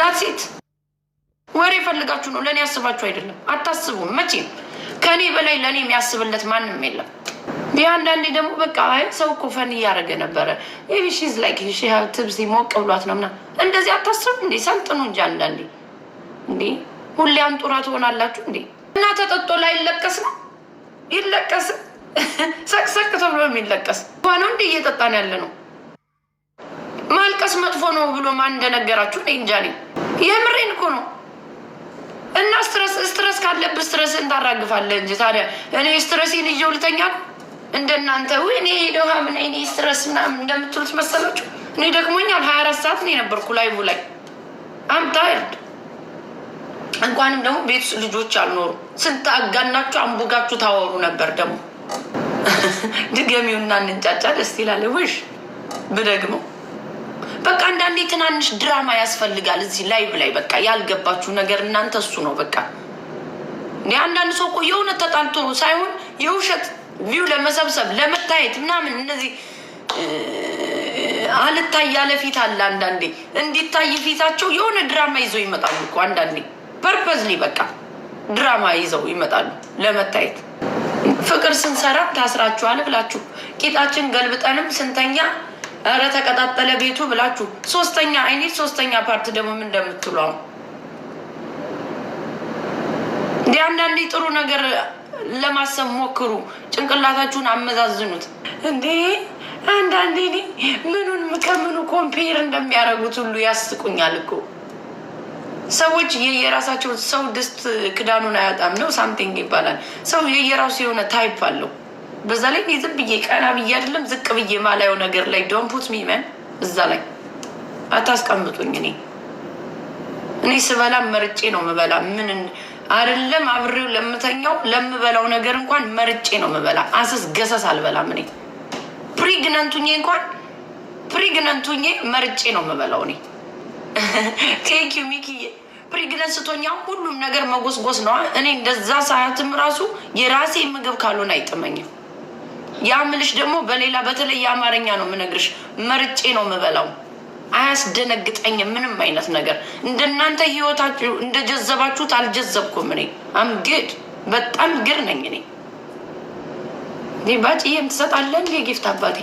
ዳሴት ወሬ ፈልጋችሁ ነው። ለእኔ ያስባችሁ አይደለም። አታስቡም። መቼም ከእኔ በላይ ለእኔ የሚያስብለት ማንም የለም። ይህ አንዳንዴ ደግሞ በቃ ሰው እኮ ፈን እያደረገ ነበረ ሺዝ ላይ ትብስ ሞቅ ብሏት ነው ምና እንደዚህ አታስብ እንዴ ሰልጥኑ እንጂ አንዳንዴ እንዴ ሁሌ አንጡራ ትሆናላችሁ እንዴ እና ተጠጦ ላይ ይለቀስ ነው ይለቀስ ሰቅሰቅ ተብሎ የሚለቀስ ሆነው እንዴ እየጠጣን ያለ ነው ማልቀስ መጥፎ ነው ብሎ ማን እንደነገራችሁ እኔ የምሬን እኮ ነው። እና ስትረስ ስትረስ ካለብህ ስትረስ ታራግፋለህ እንጂ ታዲያ እኔ ስትረሴን ይዤው ልተኛ እንደናንተ እኔ ሄደው ምን እኔ ስትረስ ምናምን እንደምትሉት መሰላችሁ? እኔ ደክሞኛል። ሀያ አራት ሰዓት ነው የነበርኩ ላይቡ ላይ አምታይርድ እንኳንም ደግሞ ቤት ልጆች አልኖሩ ስንት አጋናችሁ አንቡጋችሁ ታወሩ ነበር። ደግሞ ድገሚውና እንንጫጫ ደስ ይላል። ውሽ ብደግመው በቃ አንዳንዴ ትናንሽ ድራማ ያስፈልጋል። እዚህ ላይቭ ላይ በቃ ያልገባችሁ ነገር እናንተ እሱ ነው በቃ እንደ አንዳንድ ሰው እኮ የእውነት ተጣልቶ ሳይሆን የውሸት ቪው ለመሰብሰብ ለመታየት ምናምን እነዚህ አልታይ ያለ ፊት አለ። አንዳንዴ እንዲታይ ፊታቸው የሆነ ድራማ ይዘው ይመጣሉ እኮ አንዳንዴ ፐርፐዝሊ በቃ ድራማ ይዘው ይመጣሉ ለመታየት። ፍቅር ስንሰራ ታስራችኋል ብላችሁ ቂጣችን ገልብጠንም ስንተኛ እረ ተቀጣጠለ ቤቱ ብላችሁ ሶስተኛ አይኔ ሶስተኛ ፓርት ደግሞ ምን እንደምትሉ እንዲህ አንዳንዴ ጥሩ ነገር ለማሰብ ሞክሩ። ጭንቅላታችሁን አመዛዝኑት። እንዴ አንዳንዴ እኔ ምኑን ከምኑ ኮምፔር እንደሚያደርጉት ሁሉ ያስቁኛል እኮ ሰዎች የየራሳቸውን ሰው ድስት ክዳኑን አያጣም ነው ሳምቲንግ ይባላል። ሰው የየራሱ የሆነ ታይፕ አለው። በዛ ላይ ዝም ብዬ ቀና ብዬ አይደለም ዝቅ ብዬ ማላየው ነገር ላይ ዶንፑት ሚመን እዛ ላይ አታስቀምጡኝ። እኔ እኔ ስበላ መርጬ ነው ምበላ። ምን አይደለም አብሬው ለምተኛው ለምበላው ነገር እንኳን መርጬ ነው ምበላ። አስስ ገሰስ አልበላም። እኔ ፕሪግነንቱኜ እንኳን ፕሪግነንቱኜ መርጬ ነው ምበላው። እኔ ቴንኪዩ ሚኪዬ ፕሪግነንት ስቶኛ ሁሉም ነገር መጎስጎስ ነዋ። እኔ እንደዛ ሰዓትም ራሱ የራሴ ምግብ ካልሆነ አይጥመኝም። ያምልሽ ደግሞ በሌላ በተለይ አማርኛ ነው የምነግርሽ። መርጬ ነው የምበላው። አያስደነግጠኝም ምንም አይነት ነገር። እንደናንተ ህይወታችሁ እንደጀዘባችሁት አልጀዘብኩም። እኔ አምግድ በጣም ግር ነኝ እኔ ባጭ ይህም ትሰጣለህ እንዴ ጊፍት አባቴ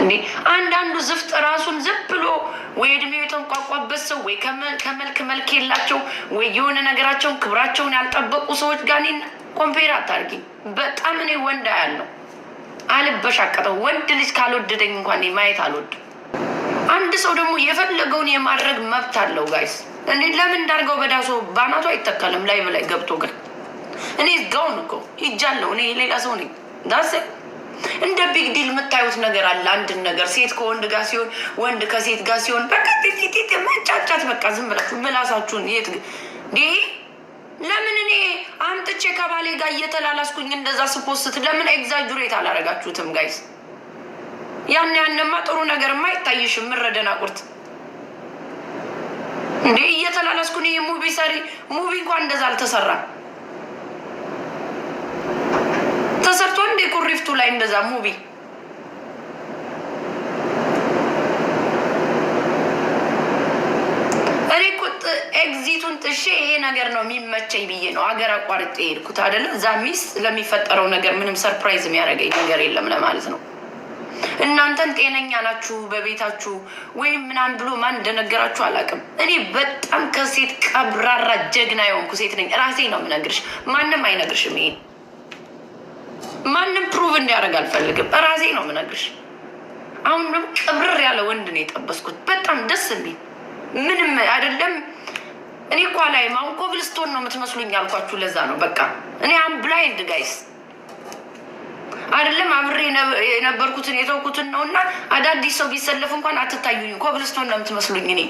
እንዴ አንዳንዱ ዝፍጥ ራሱን ዝም ብሎ ወይ እድሜው የተንቋቋበት ሰው ወይ ከመልክ መልክ የላቸው ወይ የሆነ ነገራቸውን ክብራቸውን ያልጠበቁ ሰዎች ጋር ኮምፔር አታርጊኝ። በጣም እኔ ወንድ አያለው አልበሻቀጠው። ወንድ ልጅ ካልወደደኝ እንኳን ማየት አልወድ። አንድ ሰው ደግሞ የፈለገውን የማድረግ መብት አለው። ጋይስ እኔ ለምን እንዳርገው በዳሶ ባናቱ አይተከልም ላይ በላይ ገብቶ ግን እኔ ጋውን እኮ ይጃለው እኔ ሌላ ሰው ነኝ። ዳሴ እንደ ቢግ ዲል የምታዩት ነገር አለ። አንድን ነገር ሴት ከወንድ ጋር ሲሆን፣ ወንድ ከሴት ጋር ሲሆን በቃ መጫጫት በቃ ዝም ብላችሁ ምላሳችሁን የት ለምን እኔ አምጥቼ ከባሌ ጋር እየተላላስኩኝ እንደዛ ስፖስት ለምን ኤግዛጁሬት አላረጋችሁትም ጋይስ? ያን ያንማ ጥሩ ነገርማ አይታይሽም። ምረደና ቁርት እንዴ እየተላላስኩን ይህ ሙቪ ሰሪ ሙቪ እንኳን እንደዛ አልተሰራም። ተሰርቶ እንዴ ኩሪፍቱ ላይ እንደዛ ሙቪ ኤግዚቱን ጥሼ ይሄ ነገር ነው የሚመቸኝ ብዬ ነው ሀገር አቋርጬ የሄድኩት አይደለም። እዛ ሚስ ለሚፈጠረው ነገር ምንም ሰርፕራይዝ የሚያደርገኝ ነገር የለም ለማለት ነው። እናንተን ጤነኛ ናችሁ በቤታችሁ ወይም ምናምን ብሎ ማን እንደነገራችሁ አላውቅም። እኔ በጣም ከሴት ቀብራራ ጀግና የሆንኩ ሴት ነኝ። ራሴ ነው የምነግርሽ፣ ማንም አይነግርሽም። ይሄን ማንም ፕሩቭ እንዲያደርግ አልፈልግም። ራሴ ነው የምነግርሽ። አሁን ቅብርር ያለ ወንድ ነው የጠበስኩት። በጣም ደስ የሚል ምንም አይደለም እኔ እኮ ላይ ማውቆ ነው የምትመስሉኝ ያልኳችሁ ለዛ ነው። በቃ እኔ አም ብላይንድ ጋይስ አይደለም አብሬ የነበርኩትን የተውኩትን ነው። እና አዳዲስ ሰው ቢሰለፍ እንኳን አትታዩኝ። ኮብልስቶን ነው የምትመስሉኝ። እኔ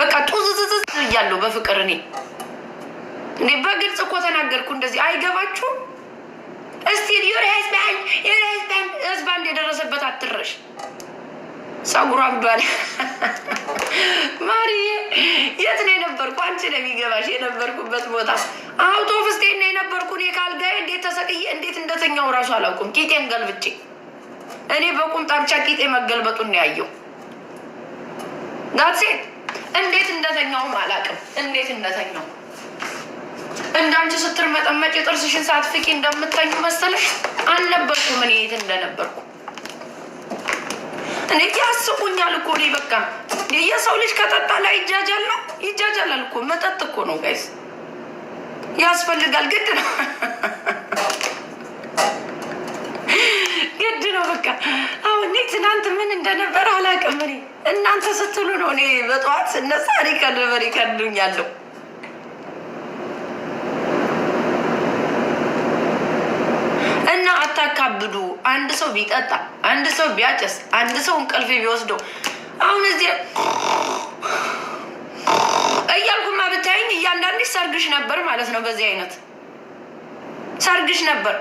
በቃ ጡዝዝዝዝ እያለሁ በፍቅር እኔ እኔ በግልጽ እኮ ተናገርኩ። እንደዚህ አይገባችሁ እስቲ ዩር ህዝባንድ የደረሰበት አትረሽ ጸጉሯ አብዷል። ማርዬ የት ነው የነበርኩ? አንቺ ነው የሚገባሽ። የነበርኩበት ቦታ አውቶብስ ስቴን ነው የነበርኩ። እኔ ካልጋዬ እንዴት ተሰቅዬ እንዴት እንደተኛው እራሱ አላውቅም። ቂጤን ገልብጬ እኔ በቁምጣ ብቻ ቂጤ መገልበጡን ነው ያየው። ዳሴት እንዴት እንደተኛውም አላውቅም። እንዴት እንደተኛው እንዳንቺ ስትር መጠመጭ የጥርስሽን ሳትፍቂ እንደምተኙ መሰለሽ አልነበርኩም። እኔ የት እንደነበርኩ እኔ ያስቁኛል እኮ እኔ በቃ የሰው ልጅ ከጠጣ ላይ ይጃጃል ነው ይጃጃላል እኮ መጠጥ እኮ ነው ጋይስ ያስፈልጋል ግድ ነው ግድ ነው በቃ አሁን እኔ ትናንት ምን እንደነበረ አላውቅም እኔ እናንተ ስትሉ ነው እኔ በጠዋት ስነሳ ሪከርድ በሪከርዱኛለሁ እና አታካብዱ አንድ ሰው ቢጠጣ አንድ ሰው ቢያጨስ አንድ ሰው እንቅልፍ ቢወስደው አሁን እዚህ እያልኩማ ብታይኝ እያንዳንድሽ ሰርግሽ ነበር ማለት ነው። በዚህ አይነት ሰርግሽ ነበር።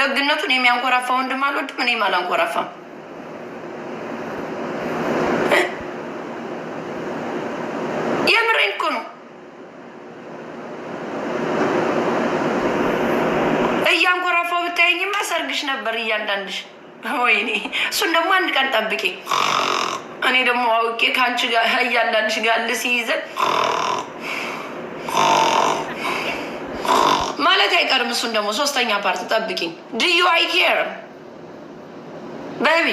ደግነቱን የሚያንኮራፋ ወንድም አልወድም፣ እኔም አላንኮራፋም። የምሬን እኮ ነው። እያንኮራፋው ብታይኝማ ሰርግሽ ነበር እያንዳንድሽ። ወይኔ እሱን ደግሞ አንድ ቀን ጠብቄ እኔ ደግሞ አውቄ ከአንቺ ጋር እያንዳንድሽ ጋር ልስይዘን ማለት አይቀርም። እሱን ደግሞ ሶስተኛ ፓርት ጠብቂኝ። ድዩ አይ ኬር በቢ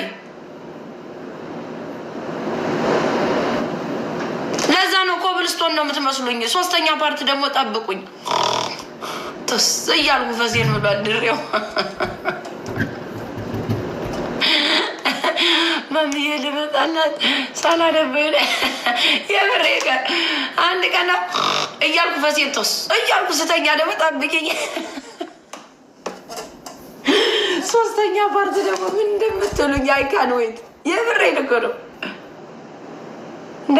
ለዛ ነው ኮብልስቶን ነው የምትመስሉኝ። ሶስተኛ ፓርት ደግሞ ጠብቁኝ። ጥስ እያልኩ ፈዜን ብሏል ድሬው ማምዬ ልመጣላት ሳላደበለ የምሬ ቀን አንድ ቀን እያልኩ ፈሴንቶስ እያልኩ ስተኛ ደግሞ ጠብቂኝ። ሶስተኛ ፓርት ደግሞ ምን እንደምትሉኝ አይካን ወይት የምሬ ልኮ ነው እንዴ!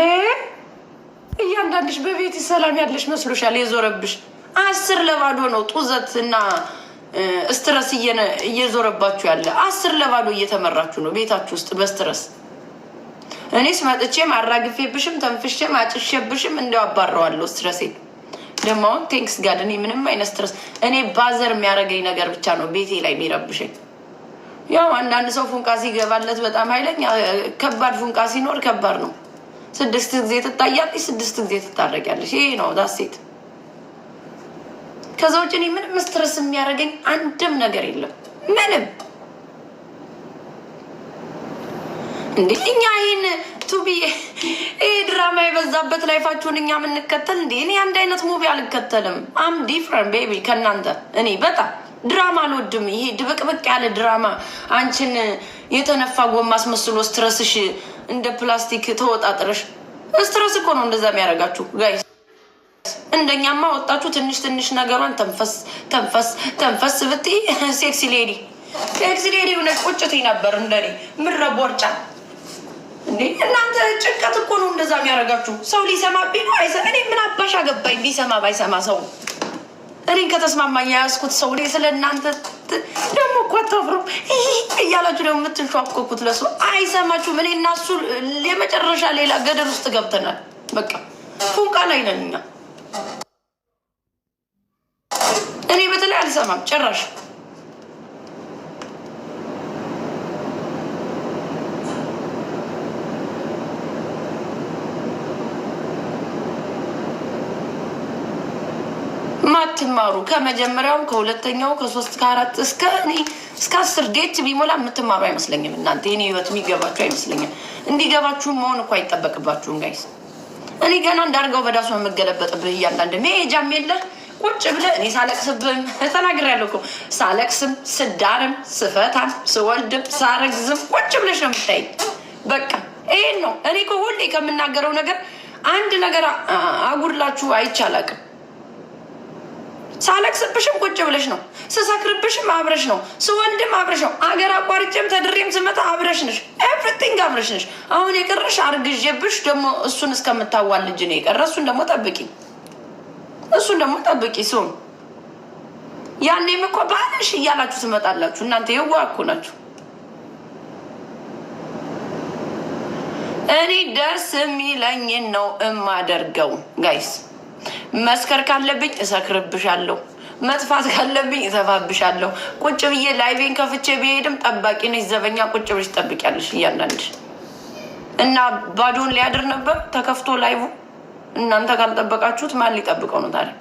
እያንዳንድሽ በቤት ሰላም ያለሽ መስሎሻል። የዞረብሽ አስር ለባዶ ነው ጡዘት እና ስትረስ እየዞረባችሁ ያለ አስር ለባዶ እየተመራችሁ ነው ቤታችሁ ውስጥ በስትረስ። እኔስ መጥቼም አራግፌብሽም ተንፍሼም አጭሼብሽም እንደው አባረዋለሁ ስትረሴ። ደግሞ አሁን ቴንክስ ጋድ እኔ ምንም አይነት ስትረስ እኔ ባዘር የሚያደርገኝ ነገር ብቻ ነው ቤቴ ላይ የሚረብሸኝ። ያው አንዳንድ ሰው ፉንቃ ሲገባለት በጣም ኃይለኛ ከባድ ፉንቃ ሲኖር ከባድ ነው። ስድስት ጊዜ ትታያለች፣ ስድስት ጊዜ ትታረቂያለች። ይሄ ነው ዳሴት ከዛ ውጭ እኔ ምንም ስትረስ የሚያደርገኝ አንድም ነገር የለም። ምንም እንዴ እኛ ይህን ቱቢ ይሄ ድራማ የበዛበት ላይፋችሁን እኛ የምንከተል እንዴ? እኔ አንድ አይነት ሙቪ አልከተልም። አም ዲፍረንት ቤቢ ከእናንተ እኔ በጣም ድራማ አልወድም። ይሄ ድብቅብቅ ያለ ድራማ አንቺን የተነፋ ጎማ አስመስሎ ስትረስሽ እንደ ፕላስቲክ ተወጣጥረሽ ስትረስ እኮ ነው እንደዛ የሚያደርጋችሁ ጋይስ። እንደኛማ ወጣችሁ ትንሽ ትንሽ ነገሯን ተንፈስ ተንፈስ ተንፈስ ብት ሴክሲ ሌዲ ሴክሲ ሌዲ ሆነ ቁጭት ነበር። እንደኔ ምረ ቦርጫ እናንተ ጭንቀት እኮ ነው እንደዛ የሚያደርጋችሁ። ሰው ሊሰማ ቢኖ አይሰ እኔ ምን አባሻ ገባኝ ቢሰማ ባይሰማ ሰው እኔን ከተስማማኝ የያዝኩት ሰው እኔ ስለ እናንተ ደግሞ እኮ አታፍሩ እያላችሁ ደግሞ የምትንሸዋኮኩት ለሱ አይሰማችሁም። እኔ እና እሱ የመጨረሻ ሌላ ገደል ውስጥ ገብተናል። በቃ ፉንቃ ላይ ነን እኛ እኔ በተለይ አልሰማም ጭራሽ። ማትማሩ ከመጀመሪያው ከሁለተኛው ከሶስት ከአራት እስከ እኔ እስከ አስር ዴት ቢሞላ የምትማሩ አይመስለኝም። እናንተ የኔ ህይወት የሚገባችሁ አይመስለኝም። እንዲገባችሁ መሆን እኮ አይጠበቅባችሁም ጋይስ። እኔ ገና እንዳርገው በዳሱ የምገለበጥብህ እያንዳንድ መሄጃም የለ ቁጭ ብለህ እኔ ሳለቅስብህም ተናግሬያለሁ እኮ ሳለቅስም ስዳርም ስፈታም ስወልድም ሳረግዝም ቁጭ ብለሽ ነው የምታይ። በቃ ይሄን ነው እኔ እኮ ሁሌ ከምናገረው ነገር አንድ ነገር አጉድላችሁ አይቻላቅም። ሳለቅስብሽም ቁጭ ብለሽ ነው። ስሰክርብሽም አብረሽ ነው። ስወልድም አብረሽ ነው። አገር አቋርጬም ተድሬም ስመጣ አብረሽ ነሽ። ኤቭሪቲንግ አብረሽ ነሽ። አሁን የቀረሽ አርግዤብሽ ደግሞ እሱን እስከምታዋል ልጅ ነው የቀረ። እሱን ደግሞ ጠብቂ፣ እሱን ደግሞ ጠብቂ። ሲሆን ያኔም እኮ ባልሽ እያላችሁ ትመጣላችሁ። እናንተ የዋ እኮ ናችሁ። እኔ ደስ የሚለኝን ነው እማደርገው ጋይስ መስከር ካለብኝ እሰክርብሻለሁ፣ መጥፋት ካለብኝ እተፋብሻለሁ። ቁጭ ብዬ ላይቬን ከፍቼ ብሄድም ጠባቂ ነች፣ ዘበኛ ቁጭ ብለሽ ትጠብቂያለሽ። እያንዳንድ እና ባዶን ሊያድር ነበር ተከፍቶ ላይቡ። እናንተ ካልጠበቃችሁት ማን ሊጠብቀው ነው ታዲያ?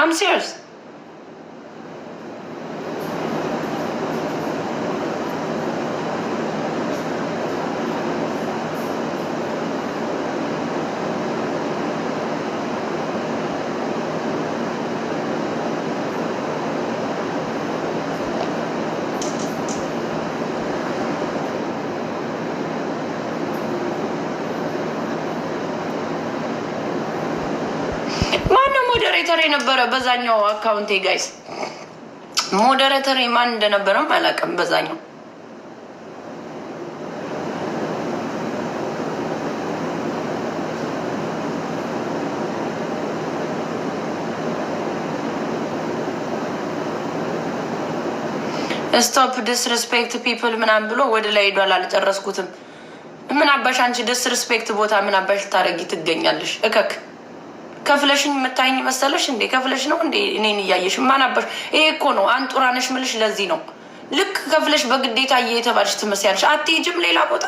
አም ሲሪየስ ነበረ በዛኛው አካውንቴ ጋይስ። ሞዴሬተር ማን እንደነበረም አላውቅም። በዛኛው ስቶፕ ዲስሪስፔክት ፒፕል ምናምን ብሎ ወደ ላይ ሄዷል። አልጨረስኩትም። ምን አባሽ አንቺ ዲስሪስፔክት ቦታ ምን አባሽ ልታደርጊ ትገኛለሽ? እከክ ከፍለሽኝ የምታይኝ መሰለሽ እንዴ? ከፍለሽ ነው እንዴ እኔን እያየሽ ማናበሽ? ይሄ እኮ ነው አንጡራነሽ ምልሽ። ለዚህ ነው ልክ ከፍለሽ በግዴታ እየተባልሽ ትመስያለሽ። አትሄጂም ሌላ ቦታ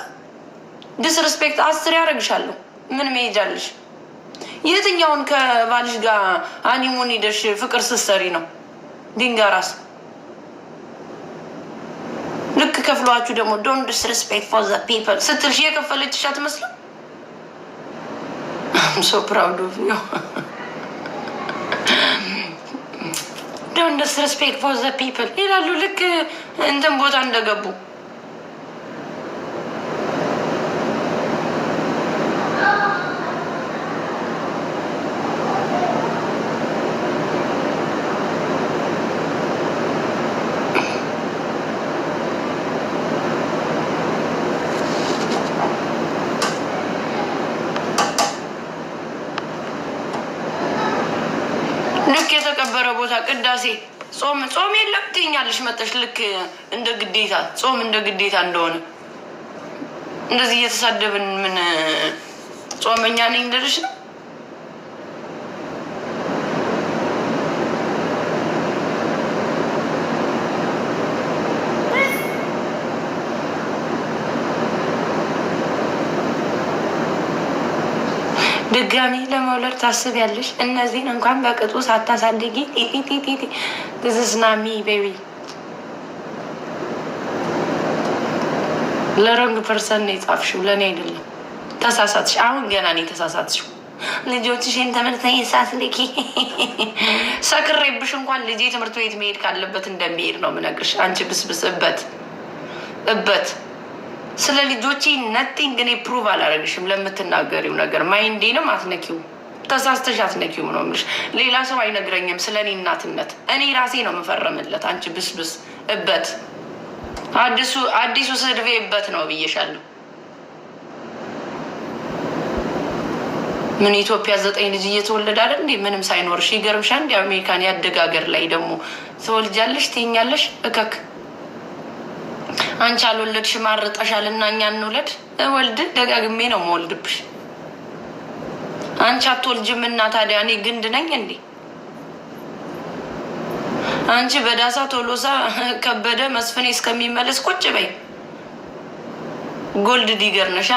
ዲስርስፔክት አስር ያደርግሻለሁ። ምን መሄጃለሽ? የትኛውን ከባልሽ ጋር አኒሙን ሄደሽ ፍቅር ስትሰሪ ነው? ድንጋይ ራስ ልክ ከፍሏችሁ ደግሞ ዶንት ዲስርስፔክት ፎር ዘ ፒፕል ስትልሽ የከፈለችሽ አትመስልም። I'm so proud of you. Don't disrespect for the people ይላሉ ልክ እንትን ቦታ እንደገቡ ማታ ቅዳሴ ጾም ጾም የለም ትይኛለሽ መጠሽ ልክ እንደ ግዴታ ጾም እንደ ግዴታ እንደሆነ እንደዚህ እየተሳደብን ምን ጾመኛ ነኝ ልልሽ ድጋሚ ለመውለድ ታስቢያለሽ? እነዚህን እንኳን በቅጡ ሳታሳድጊ ቲቲቲቲ ቤቢ ለሮንግ ፐርሰን ነው የጻፍሽው፣ ለእኔ አይደለም። ተሳሳትሽ። አሁን ገና ነው የተሳሳትሽው። ልጆችሽን ትምህርት ሳትልኪ ሰክሬብሽ እንኳን ልጄ ትምህርት ቤት መሄድ ካለበት እንደሚሄድ ነው የምነግርሽ። አንቺ ብስብስ እበት እበት ስለ ልጆቼ ነቲንግ እኔ ፕሩቭ አላረግሽም። ለምትናገሪው ነገር ማይንዴንም አትነኪው፣ ተሳስተሽ አትነኪው ነው የምልሽ። ሌላ ሰው አይነግረኝም ስለ እኔ እናትነት። እኔ ራሴ ነው የምፈረምለት። አንቺ ብስብስ እበት፣ አዲሱ ስድቤ እበት ነው ብዬሻለሁ። ምን ኢትዮጵያ ዘጠኝ ልጅ እየተወለደ አለ እንዴ? ምንም ሳይኖርሽ ይገርምሻ እንዲ አሜሪካን ያደጋገር ላይ ደግሞ ተወልጃለሽ ትኛለሽ እከክ አንቺ አልወለድሽ አርጠሻል እና እኛ እንውለድ። ወልድ ደጋግሜ ነው መወልድብሽ። አንቺ አትወልጅም እና ታዲያ እኔ ግንድ ነኝ እንዴ? አንቺ በዳሳ ቶሎሳ ከበደ መስፍኔ እስከሚመለስ ቁጭ በይ። ጎልድ ዲገር ነሻ።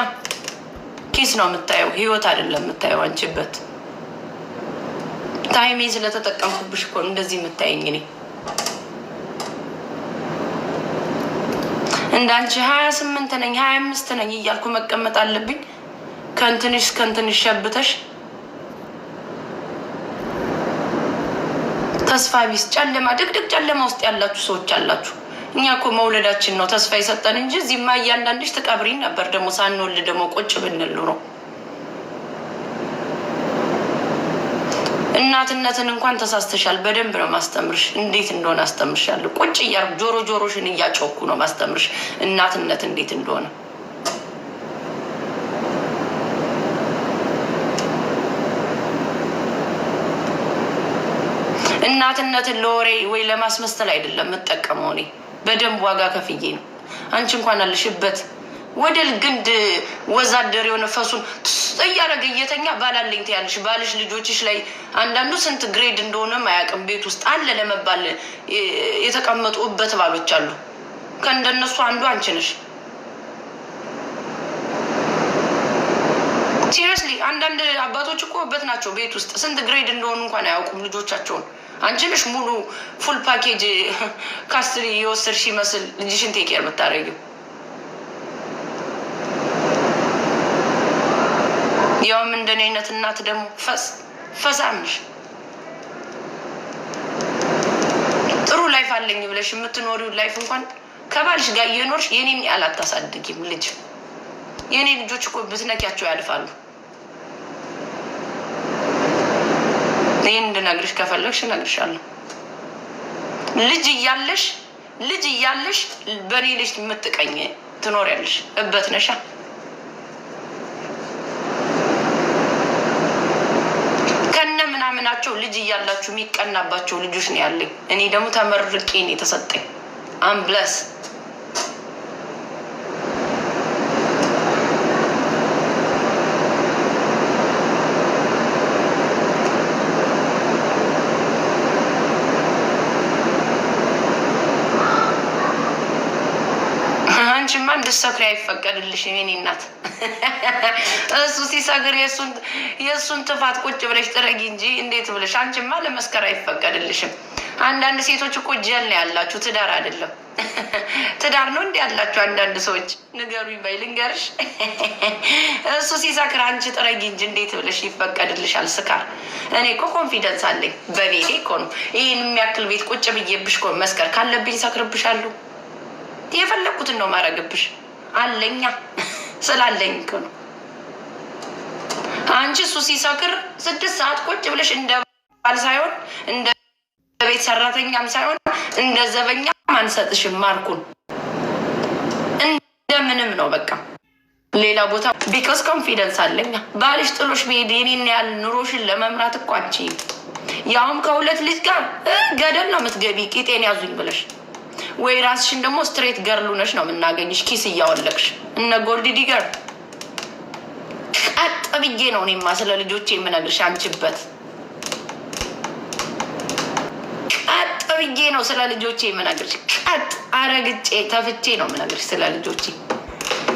ኪስ ነው የምታየው፣ ህይወት አይደለም የምታየው። አንቺበት ታይሜ ስለተጠቀምኩብሽ እኮ እንደዚህ የምታየኝ እኔ እንዳንቺ ሀያ ስምንት ነኝ ሀያ አምስት ነኝ እያልኩ መቀመጥ አለብኝ? ከንትንሽ እስከንትንሽ ሸብተሽ ተስፋ ቢስ ጨለማ፣ ድቅድቅ ጨለማ ውስጥ ያላችሁ ሰዎች አላችሁ። እኛ እኮ መውለዳችን ነው ተስፋ የሰጠን እንጂ እዚህማ እያንዳንድሽ ትቀብሪን ነበር። ደግሞ ሳንወልድ ደግሞ ቁጭ ብንሉ ነው እናትነትን እንኳን ተሳስተሻል። በደንብ ነው ማስተምርሽ፣ እንዴት እንደሆነ አስተምርሻለሁ። ቁጭ እያ ጆሮ ጆሮሽን እያጮኩ ነው ማስተምርሽ እናትነት እንዴት እንደሆነ። እናትነትን ለወሬ ወይ ለማስመሰል አይደለም የምጠቀመው እኔ በደንብ ዋጋ ከፍዬ ነው። አንቺ እንኳን አለሽበት ወደ ግንድ ወዛደር የሆነ ፈሱን እያደረገ እየተኛ ባላለኝ ትያለሽ። ባልሽ ልጆችሽ ላይ አንዳንዱ ስንት ግሬድ እንደሆነም አያውቅም። ቤት ውስጥ አለ ለመባል የተቀመጡበት ባሎች አሉ። ከእንደነሱ አንዱ አንቺ ነሽ። ሲሪየስሊ አንዳንድ አባቶች እኮ እበት ናቸው። ቤት ውስጥ ስንት ግሬድ እንደሆኑ እንኳን አያውቁም ልጆቻቸውን። አንቺ ነሽ ሙሉ ፉል ፓኬጅ ካስትሪ የወሰድሽ ይመስል ልጅሽን ቴኬር የምታደርጊው ያውም እንደኔ አይነት እናት ደግሞ ፈስ ፈሳምሽ ጥሩ ላይፍ አለኝ ብለሽ የምትኖሪው ላይፍ እንኳን ከባልሽ ጋር እየኖርሽ የኔን ያህል አታሳድጊም። ልጅ የእኔ ልጆች እኮ ብትነኪያቸው ያልፋሉ። ይህን እንድነግርሽ ከፈለግሽ እነግርሻለሁ። ልጅ እያለሽ ልጅ እያለሽ በእኔ ልጅ የምትቀኝ ትኖሪያለሽ። እበት ነሻ ያላቸው ልጅ እያላችሁ የሚቀናባቸው ልጆች ነው ያለኝ። እኔ ደግሞ ተመርቄ ነው የተሰጠኝ አምብለስ ብትሰክሪ አይፈቀድልሽ። የኔ እናት እሱ ሲሰክር የእሱን ትፋት ቁጭ ብለሽ ጥረጊ እንጂ እንዴት ብለሽ አንቺማ ለመስከር አይፈቀድልሽም። አንዳንድ ሴቶች እኮ ጀል ነው ያላችሁ፣ ትዳር አይደለም። ትዳር ነው እንዲ ያላችሁ አንዳንድ ሰዎች ንገሩኝ። በይ ልንገርሽ፣ እሱ ሲሰክር አንቺ ጥረጊ እንጂ እንዴት ብለሽ ይፈቀድልሻል? ስካር እኔ እኮ ኮንፊደንስ አለኝ በቤቴ እኮ ነው። ይህን የሚያክል ቤት ቁጭ ብዬብሽ እኮ መስከር ካለብኝ ሰክርብሻለሁ። የፈለግኩትን ነው ማረግብሽ። አለኛ ስላለኝ እኮ ነው። አንቺ እሱ ሲሰክር ስድስት ሰዓት ቁጭ ብለሽ እንደ ባል ሳይሆን እንደ ቤት ሰራተኛም ሳይሆን እንደ ዘበኛ አንሰጥሽም። ማርኩን እንደምንም ነው በቃ ሌላ ቦታ ቢኮዝ ኮንፊደንስ አለኛ። ባልሽ ጥሎሽ ቢሄድ የኔን ያህል ኑሮሽን ለመምራት እኮ አንቺ ያውም ከሁለት ልጅ ጋር ገደል ነው የምትገቢ ቂጤን ያዙኝ ብለሽ ወይ ራስሽን ደግሞ ስትሬት ገርል ነሽ ነው የምናገኝሽ፣ ኪስ እያወለቅሽ እነ ጎልድ ዲገር ቀጥ ብዬ ነው እኔማ ስለ ልጆቼ የምነግርሽ። አንችበት ቀጥ ብዬ ነው ስለ ልጆቼ የምነግርሽ። ቀጥ አረግጬ ተፍቼ ነው የምነግርሽ ስለ ልጆቼ።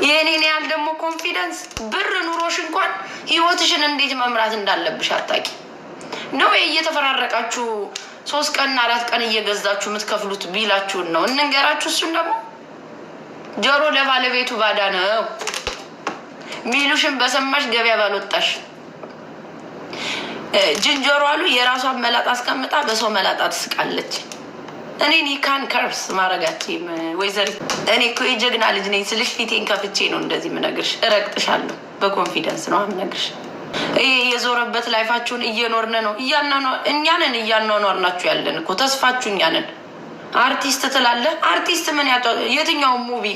የእኔን ያህል ደግሞ ኮንፊደንስ ብር ኑሮሽ እንኳን ህይወትሽን እንዴት መምራት እንዳለብሽ አታውቂ ነው እየተፈራረቃችሁ ሶስት ቀንና አራት ቀን እየገዛችሁ የምትከፍሉት ቢላችሁን ነው እንንገራችሁ። እሱን ደግሞ ጆሮ ለባለቤቱ ባዳ ነው ሚሉሽን በሰማሽ ገበያ ባልወጣሽ ጅንጆሮ አሉ የራሷን መላጣ አስቀምጣ በሰው መላጣ ትስቃለች። እኔ ኒካን ከርስ ማድረጋችም ወይዘር እኔ እኮ የጀግና ልጅ ነኝ ስልሽ ፊቴን ከፍቼ ነው እንደዚህ ምነግርሽ። እረግጥሻለሁ። በኮንፊደንስ ነው ምነግርሽ። የዞረበት ላይፋችሁን እየኖርን ነው። እኛንን እያኗኗር ያለን እኮ ተስፋችሁ እኛንን አርቲስት ትላለ አርቲስት ምን ያ የትኛው ሙቪ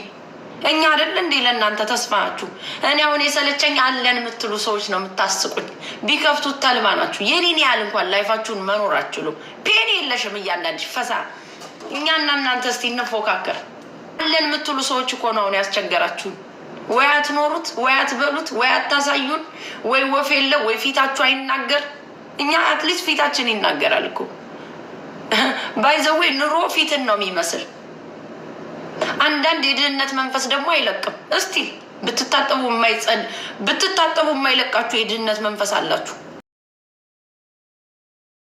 እኛ አይደል እንዴ ለእናንተ ተስፋችሁ። እኔ አሁን የሰለቸኝ አለን የምትሉ ሰዎች ነው የምታስቁኝ። ቢከፍቱት ተልባ ናችሁ። የኔን ያህል እንኳን ላይፋችሁን መኖር አችሉ። ፔኔ የለሽም እያንዳንድ ፈሳ እኛና እናንተ እስቲ እንፎካከር አለን የምትሉ ሰዎች እኮ ነው አሁን ያስቸገራችሁን። ወይ አትኖሩት፣ ወይ አትበሉት፣ ወይ አታሳዩን፣ ወይ ወፍ የለ፣ ወይ ፊታችሁ አይናገር። እኛ አትሊስት ፊታችን ይናገራል እኮ ባይዘዌ ኑሮ ፊትን ነው የሚመስል። አንዳንድ የድህነት መንፈስ ደግሞ አይለቅም። እስቲ ብትታጠቡ ብትታጠቡ የማይለቃችሁ የድህነት መንፈስ አላችሁ።